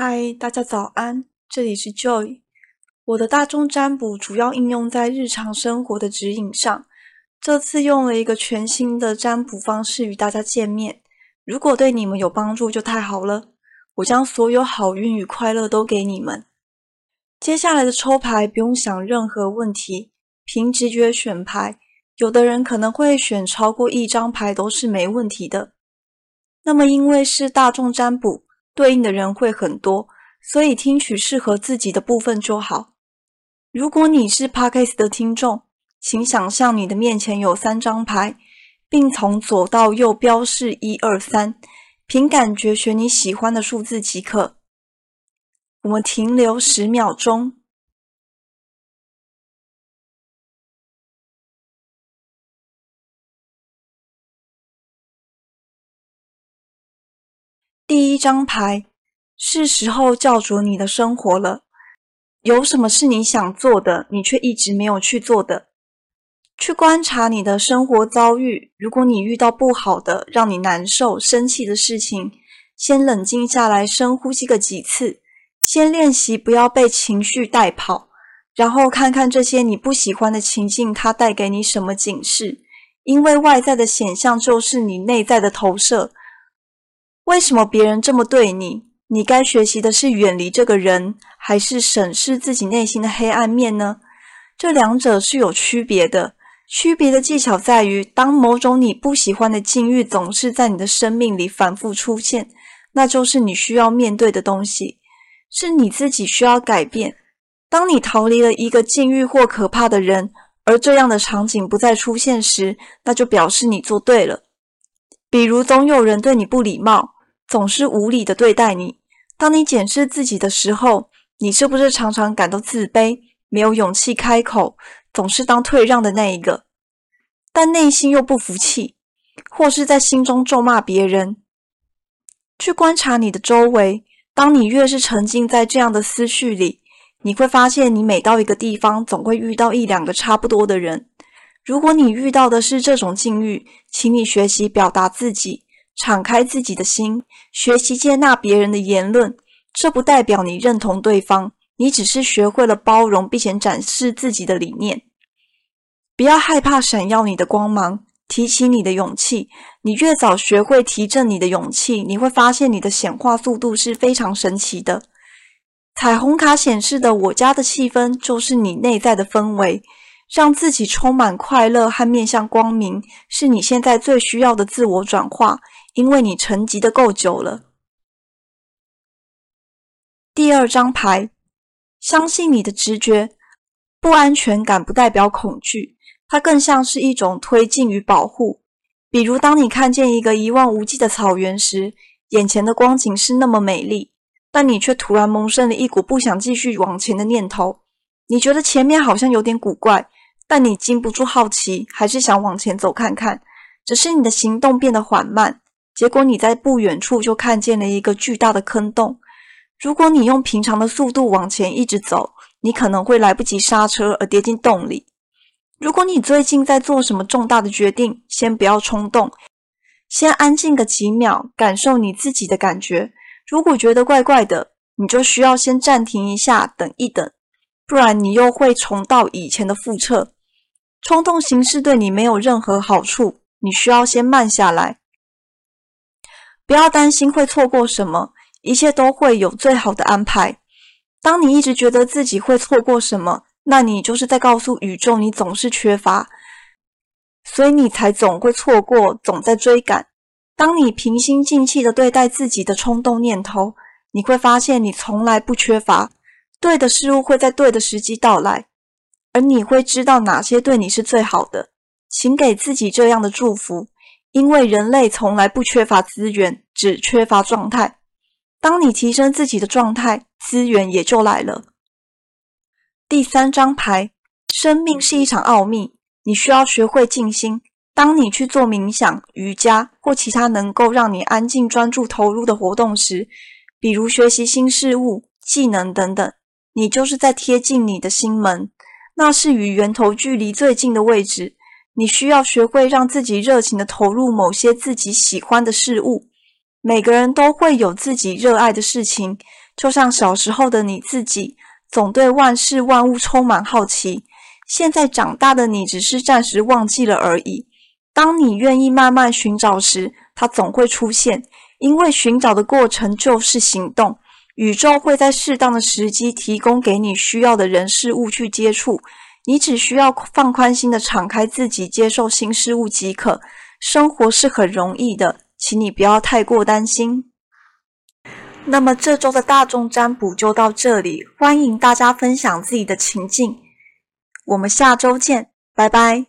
嗨，大家早安！這裡是 Joy。我的大眾占卜主要應用在日常生活的指引上。這次用了一個全新的占卜方式與大家見面。如果對你們有幫助，就太好了。我將所有好運與快樂都給你們。接下來的抽牌不用想任何問題，憑直覺選牌。有的人可能會選超過一張牌都是沒問題的。那麼，因為是大眾占卜，對應的人會很多，所以聽取適合自己的部分就好。如果你是 Podcast 的聽眾，請想象你的面前有三張牌，並從左到右標示一、二、三，憑感覺選你喜歡的數字即可。我們停留十秒鐘。第一張牌，是時候叫着你的生活了。有什麼是你想做的，你卻一直沒有去做的？去觀察你的生活遭遇。如果你遇到不好的、讓你難受、生氣的事情，先冷靜下來，深呼吸個幾次，先練習不要被情緒帶跑。然後看看這些你不喜歡的情境，它帶給你什麼警示？因為外在的顯象就是你內在的投射。為什麼別人這麼對你？你該學習的是遠離這個人，還是審視自己內心的黑暗面呢？這兩者是有區別的。區別的技巧在於，當某種你不喜歡的境遇總是在你的生命裡反複出現，那就是你需要面對的東西，是你自己需要改變。當你逃離了一個境遇或可怕的人，而這樣的場景不再出現時，那就表示你做對了。比如，總有人對你不禮貌。總是無理地對待你。當你檢視自己的時候，你是不是常常感到自卑，沒有勇氣開口，總是當退讓的那一個，但內心又不服氣，或是在心中咒罵別人？去觀察你的周圍，當你越是沉浸在這樣的思緒裡，你會發現，你每到一個地方，總會遇到一兩個差不多的人。如果你遇到的是這種境遇，請你學習表達自己。敞開自己的心，學習接納別人的言論，這不代表你認同對方，你只是學會了包容，並且展示自己的理念。不要害怕閃耀你的光芒，提起你的勇氣。你越早學會提振你的勇氣，你會發現你的顯化速度是非常神奇的。彩虹卡顯示的我家的氣氛，就是你內在的氛圍。讓自己充滿快樂和面向光明，是你現在最需要的自我轉化。因為你沉寂的夠久了。第二張牌，相信你的直覺。不安全感不代表恐懼，它更像是一種推進與保護。比如，當你看見一個一望無際的草原時，眼前的光景是那麼美麗，但你卻突然萌生了一股不想繼續往前的念頭。你覺得前面好像有點古怪，但你禁不住好奇，還是想往前走看看。只是你的行動變得緩慢。結果你在不遠處就看見了一個巨大的坑洞。如果你用平常的速度往前一直走，你可能會來不及剎車而跌進洞裡。如果你最近在做什麼重大的決定，先不要衝動，先安靜個幾秒，感受你自己的感覺。如果覺得怪怪的，你就需要先暫停一下，等一等，不然你又會重蹈以前的覆轍。衝動行事對你沒有任何好處，你需要先慢下來。不要擔心會錯過什麼，一切都會有最好的安排。當你一直覺得自己會錯過什麼，那你就是在告訴宇宙你總是缺乏，所以你才總會錯過，總在追趕。當你平心靜氣地對待自己的衝動念頭，你會發現你從來不缺乏，對的事物會在對的時機到來，而你會知道哪些對你是最好的。請給自己這樣的祝福。因為人類從來不缺乏資源，只缺乏狀態。當你提升自己的狀態，資源也就來了。第三張牌，生命是一場奧秘，你需要學會靜心。當你去做冥想、瑜伽或其他能夠讓你安靜、專注、投入的活動時，比如學習新事物、技能等等，你就是在貼近你的心門，那是與源頭距離最近的位置。你需要學會讓自己熱情地投入某些自己喜歡的事物。每個人都會有自己熱愛的事情，就像小時候的你自己，總對萬事萬物充滿好奇。現在長大的你只是暫時忘記了而已。當你願意慢慢尋找時，它總會出現，因為尋找的過程就是行動。宇宙會在適當的時機提供給你需要的人事物去接觸。你只需要放寬心地敞開自己，接受新事物即可。生活是很容易的，請你不要太過擔心。那麼這周的大眾占卜就到這裡，歡迎大家分享自己的情境。我們下周見，拜拜。